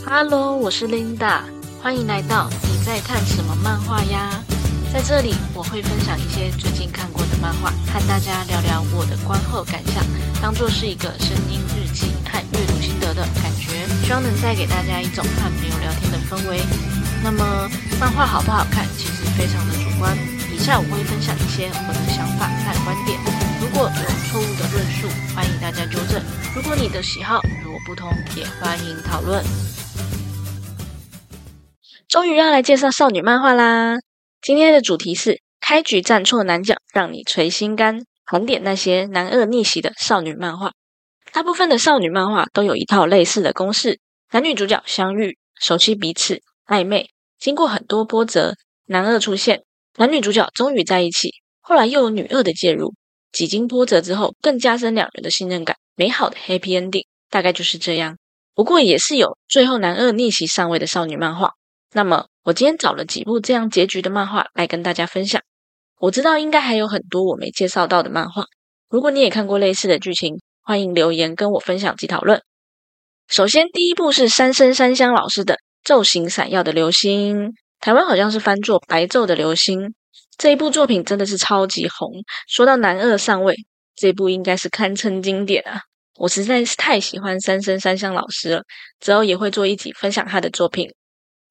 哈嘍，Hello, 我是 Linda，歡迎來到你在看什麼漫畫呀？在這裡我會分享一些最近看過的漫畫，和大家聊聊我的觀後感想，當做是一個聲音日記和閱讀心得的感覺，希望能帶給大家一種和朋友聊天的氛圍。那麼漫畫好不好看，其實非常的主觀。以下我會分享一些我的想法和觀點，如果有錯誤的論述，歡迎大家糾正。如果你的喜好與我不同，也歡迎討論。終於要來介紹少女漫畫啦！今天的主題是開局站錯男角，讓你捶心肝。盤點那些男二逆襲的少女漫畫。大部分的少女漫畫都有一套類似的公式：男女主角相遇熟，熟悉彼此，曖昧，經過很多波折，男二出現，男女主角終於在一起。後來又有女二的介入，幾經波折之後，更加深兩人的信任感，美好的 Happy Ending 大概就是這樣。不過也是有最後男二逆襲上位的少女漫畫。那麼，我今天找了幾部這樣結局的漫畫來跟大家分享。我知道應該還有很多我沒介紹到的漫畫，如果你也看過類似的劇情，歡迎留言跟我分享及討論。首先，第一部是三生三香老師的《晝行閃耀的流星》，台灣好像是翻作《白晝的流星》。這一部作品真的是超級紅。說到男二上位，這部應該是堪稱經典啊！我實在是太喜歡三生三香老師了，之後也會做一集分享他的作品。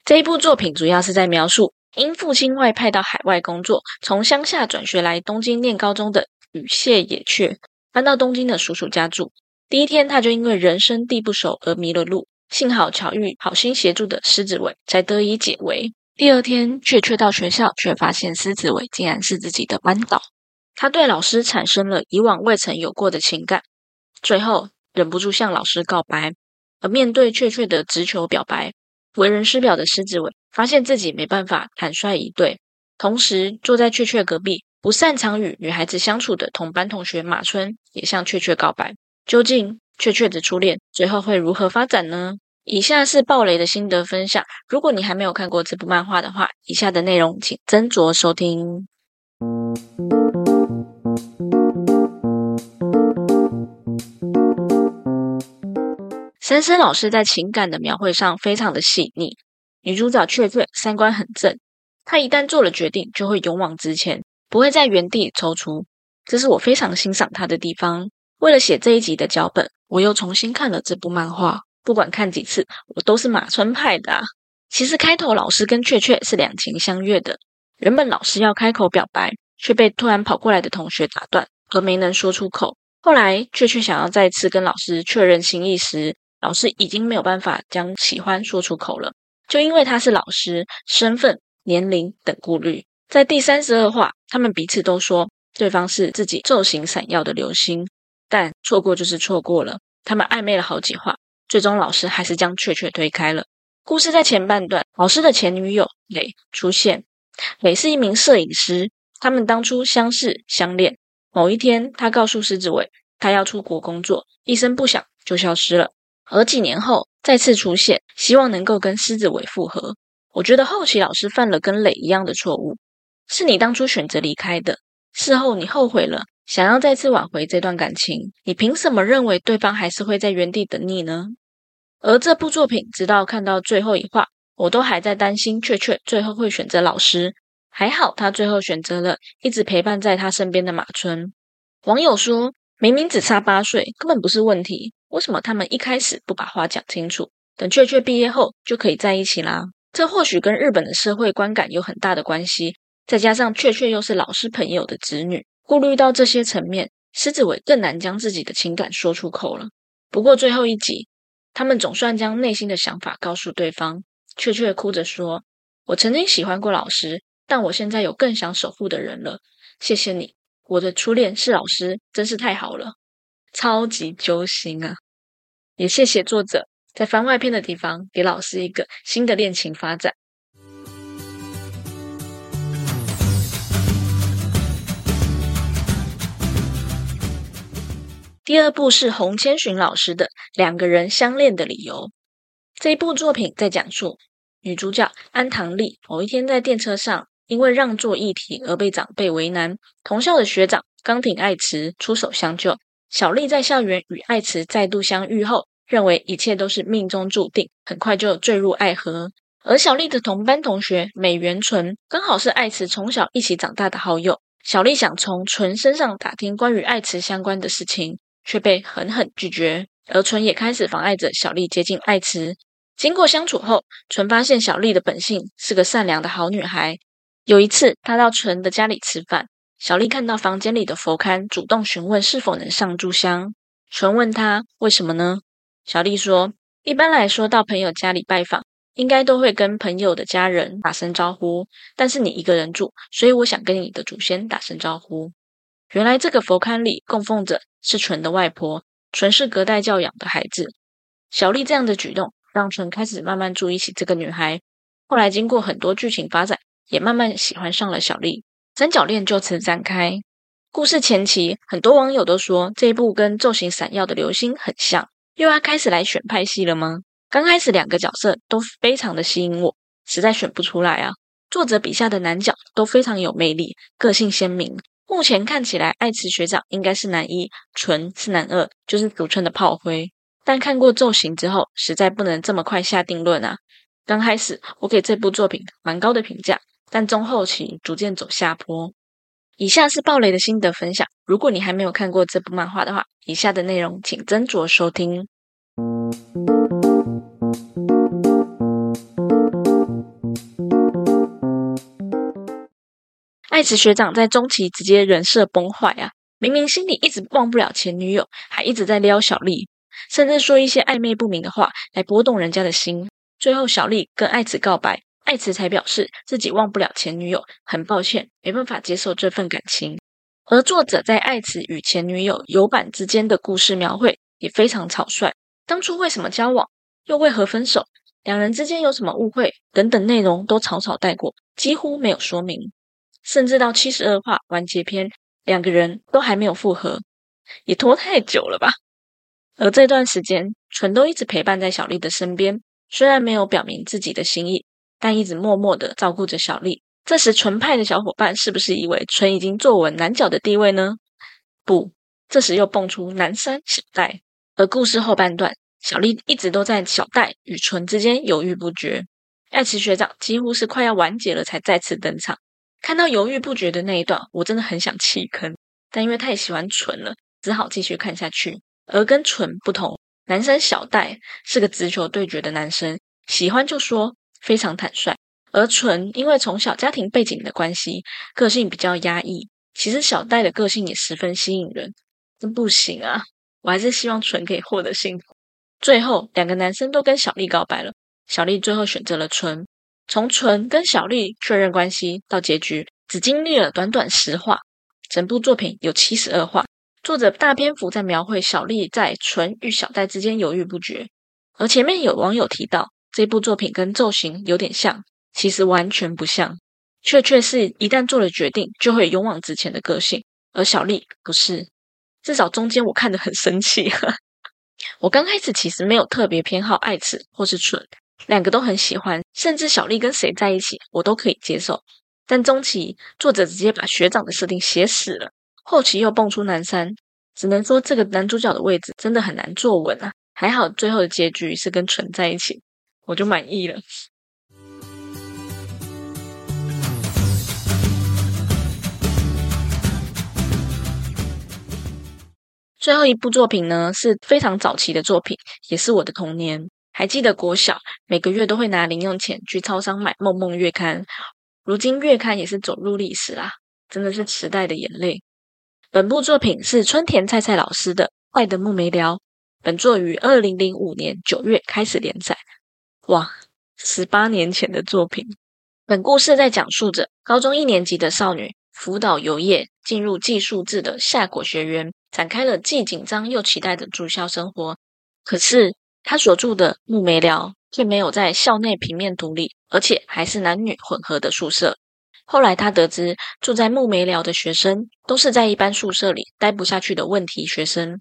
這一部作品主要是在描述因父親外派到海外工作，從鄉下轉學來東京念高中的與謝野雀，搬到東京的叔叔家住。第一天，他就因為人生地不熟而迷了路，幸好巧遇好心協助的獅子尾，才得以解圍。第二天，雀雀到學校，卻發現獅子尾竟然是自己的班導，他對老師產生了以往未曾有過的情感，最後忍不住向老師告白。而面對雀雀的直球表白。為人師表的石子偉發現自己沒辦法坦率以對，同時坐在雀雀隔壁、不擅長與女孩子相處的同班同學馬春也向雀雀告白。究竟雀雀的初戀最後會如何發展呢？以下是暴雷的心得分享。如果你還沒有看過這部漫畫的話，以下的內容請斟酌收聽。嗯三森老師在情感的描繪上非常的細膩。女主角雀雀三觀很正，她一旦做了決定，就會勇往直前，不會在原地躊躇。這是我非常欣賞她的地方。為了寫這一集的腳本，我又重新看了這部漫畫。不管看幾次，我都是馬村派的啊。其實開頭老師跟雀雀是兩情相悅的，原本老師要開口表白，卻被突然跑過來的同學打斷，而沒能說出口。後來雀雀想要再次跟老師確認心意時，老師已經沒有辦法將喜歡說出口了，就因為他是老師，身份、年齡等顧慮。在第三十二話，他們彼此都說對方是自己驟型閃耀的流星，但錯過就是錯過了。他們曖昧了好幾話，最終老師還是將雀雀推開了。故事在前半段，老師的前女友蕾出現。蕾是一名攝影師，他們當初相識相戀。某一天，她告訴獅子尾，他要出國工作，一聲不響就消失了。而幾年後再次出現，希望能夠跟獅子尾復合。我覺得後期老師犯了跟磊一樣的錯誤，是你當初選擇離開的，事後你後悔了，想要再次挽回這段感情，你憑什麼認為對方還是會在原地等你呢？而這部作品，直到看到最後一話，我都還在擔心雀雀最後會選擇老師，還好他最後選擇了一直陪伴在他身邊的馬村。網友說，明明只差八歲，根本不是問題。為什麼他們一開始不把話講清楚？等雀雀畢業後就可以在一起啦。這或許跟日本的社會觀感有很大的關係，再加上雀雀又是老師朋友的子女，顧慮到這些層面，獅子尾更難將自己的情感說出口了。不過最後一集，他們總算將內心的想法告訴對方。雀雀哭着說：“我曾經喜歡過老師，但我現在有更想守護的人了。謝謝你，我的初戀是老師，真是太好了。”超級揪心啊！也謝謝作者在番外篇的地方給老師一個新的戀情發展。第二部是洪千尋老師的《兩個人相戀的理由》這一部作品，在講述女主角安棠麗某一天在電車上因為讓座議題而被長輩為難，同校的學長岡井愛持出手相救。小麗在校園與艾茨再度相遇後，認為一切都是命中注定，很快就墜入愛河。而小麗的同班同學美原純，剛好是艾茨從小一起長大的好友。小麗想從純身上打聽關於艾茨相關的事情，卻被狠狠拒絕。而純也開始妨礙着小麗接近艾茨。經過相處後，純發現小麗的本性是個善良的好女孩。有一次，她到純的家裡吃飯。小麗看到房間裡的佛龕，主動詢問是否能上炷香。純問她為什麼呢？小麗說：“一般來說，到朋友家裡拜訪，應該都會跟朋友的家人打聲招呼。但是你一個人住，所以我想跟你的祖先打聲招呼。”原來這個佛龕裡供奉着是純的外婆。純是隔代教養的孩子。小麗這樣的舉動，讓純開始慢慢注意起這個女孩。後來經過很多劇情發展，也慢慢喜歡上了小麗。三角戀就此展開。故事前期，很多網友都說這一部跟《晝行閃耀的流星》很像，又要開始來選派系了嗎？剛開始兩個角色都非常的吸引我，實在選不出來啊。作者筆下的男角都非常有魅力，個性鮮明。目前看起來，愛慈學長應該是男一，純是男二，就是俗稱的炮灰。但看過《晝行》之後，實在不能這麼快下定論啊。剛開始，我給這部作品蠻高的評價。但中後期逐漸走下坡。以下是爆雷的心得分享。如果你還沒有看過這部漫畫的話，以下的內容請斟酌收聽。艾子學長在中期直接人設崩壞啊！明明心裡一直忘不了前女友，還一直在撩小麗，甚至說一些曖昧不明的話來撥動人家的心。最後，小麗跟艾子告白。艾茨才表示自己忘不了前女友，很抱歉，沒辦法接受這份感情。而作者在艾茨與前女友有板之間的故事描繪也非常草率，當初為什麼交往，又為何分手，兩人之間有什麼誤會等等內容都草草帶過，幾乎沒有說明。甚至到七十二話完結篇，兩個人都還沒有復合，也拖太久了吧？而這段時間，純都一直陪伴在小麗的身邊，雖然沒有表明自己的心意。但一直默默的照顧着小麗。這時純派的小夥伴是不是以為純已經坐穩男角的地位呢？不，這時又蹦出男生小戴。而故事後半段，小麗一直都在小戴與純之間猶豫不決。愛奇學長幾乎是快要完結了才再次登場。看到猶豫不決的那一段，我真的很想棄坑，但因為太喜歡純了，只好繼續看下去。而跟純不同，男生小戴是個直球對決的男生，喜歡就說。非常坦率，而純因為從小家庭背景的關係，個性比較壓抑。其實小戴的個性也十分吸引人，真不行啊！我還是希望純可以獲得幸福。最後，兩個男生都跟小麗告白了，小麗最後選擇了純。從純跟小麗確認關係到結局，只經歷了短短十話。整部作品有七十二話，作者大篇幅在描繪小麗在純與小戴之間猶豫不決。而前面有網友提到。這部作品跟造型有點像，其實完全不像，卻卻是一旦做了決定就會有勇往直前的個性。而小麗不是，至少中間我看得很生氣。 我剛開始其實沒有特別偏好愛子或是純，兩個都很喜歡，甚至小麗跟誰在一起我都可以接受。但中期作者直接把學長的設定寫死了，後期又蹦出南山，只能說這個男主角的位置真的很難坐穩啊。還好最後的結局是跟純在一起，我就滿意了。最後一部作品呢，是非常早期的作品，也是我的童年。還記得國小每個月都會拿零用錢去超商買《夢夢月刊》，如今月刊也是走入歷史啦，真的是時代的眼淚。本部作品是春田菜菜老師的《愛的木莓寮》，本作於二零零五年九月開始連載。哇！十八年前的作品，本故事在講述着高中一年級的少女福島游葉進入寄宿制的夏果學園，展開了既緊張又期待的住校生活。可是，他所住的木莓寮卻沒有在校內平面圖裡，而且還是男女混合的宿舍。後來，他得知住在木莓寮的學生都是在一般宿舍裡待不下去的問題學生。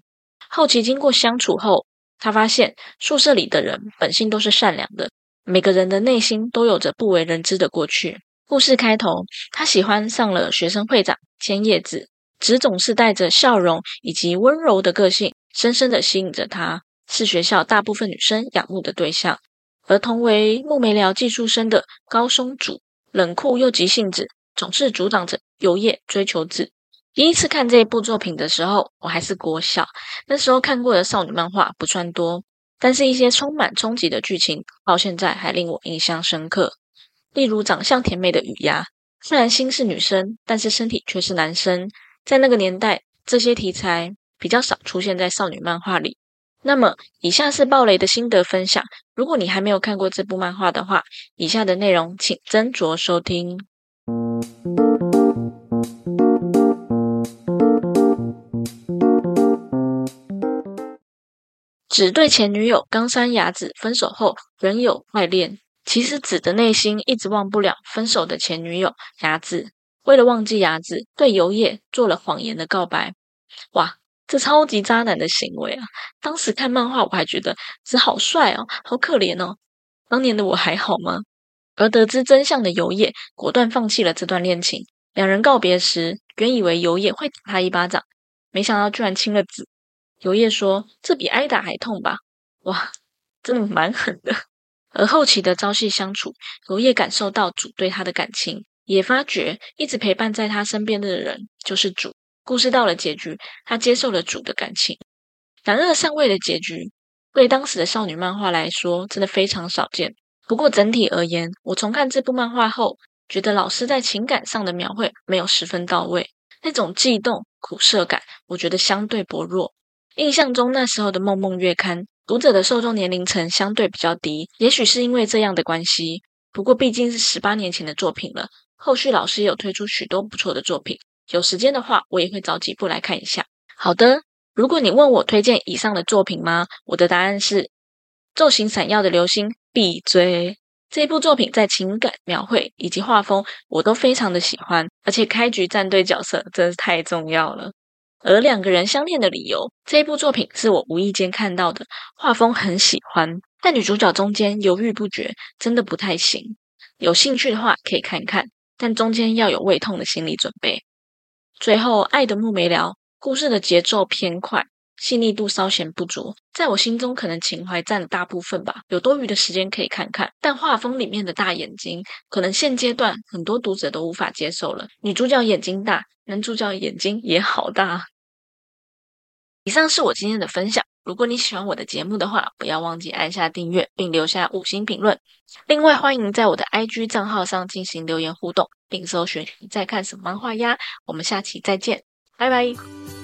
好奇經過相處後。他發現宿舍裡的人本性都是善良的，每個人的內心都有着不為人知的過去。故事開頭，他喜歡上了學生會長千葉子，子總是帶着笑容以及溫柔的個性，深深的吸引着他，是學校大部分女生仰慕的對象。而同為木莓寮寄宿生的高松渚，冷酷又急性子，總是阻擋着游業追求子。第一次看這部作品的時候，我還是國小，那時候看過的少女漫畫不算多，但是一些充滿衝擊的劇情到現在還令我印象深刻。例如長相甜美的雨芽，雖然心是女生，但是身體卻是男生。在那個年代，這些題材比較少出現在少女漫畫裡。那麼，以下是爆雷的心得分享。如果你還沒有看過這部漫畫的話，以下的內容請斟酌收聽。子對前女友岡山雅子分手後仍有愛戀，其實子的內心一直忘不了分手的前女友雅子。為了忘記雅子，對游業做了謊言的告白。哇，這超級渣男的行為啊！當時看漫畫我還覺得子好帥哦，好可憐哦。當年的我還好嗎？而得知真相的游業果斷放棄了這段戀情。兩人告別時，原以為游業會打他一巴掌，沒想到居然親了子。游業說：“這比挨打還痛吧？哇，真的蠻狠的。 ”而後期的朝夕相處，游業感受到主對他的感情，也發覺一直陪伴在他身邊的人就是主。故事到了結局，他接受了主的感情，男二上位的結局，對當時的少女漫畫來說，真的非常少見。不過整體而言，我重看這部漫畫後，覺得老師在情感上的描繪沒有十分到位，那種悸動苦澀感，我覺得相對薄弱。印象中那時候的《夢夢月刊》讀者的受眾年齡層相對比較低，也許是因為這樣的關係。不過畢竟是十八年前的作品了，後續老師也有推出許多不錯的作品。有時間的話，我也會找幾部來看一下。好的，如果你問我推薦以上的作品嗎？我的答案是《晝行閃耀的流星》。必追！這一部作品在情感描繪以及畫風我都非常的喜歡，而且開局站隊角色真是太重要了。而兩個人相戀的理由，這一部作品是我無意間看到的，畫風很喜歡。但女主角中間猶豫不決，真的不太行。有興趣的話可以看看，但中間要有胃痛的心理準備。最後，愛的木莓寮，故事的節奏偏快。細膩度稍顯不足，在我心中可能情懷占了大部分吧。有多餘的時間可以看看，但畫風裡面的大眼睛，可能現階段很多讀者都無法接受了。女主角眼睛大，男主角眼睛也好大。以上是我今天的分享。如果你喜歡我的節目的話，不要忘記按下訂閱並留下五星評論。另外，歡迎在我的 IG 賬號上進行留言互動，並搜尋你在看什麼漫畫呀。我們下期再見，拜拜。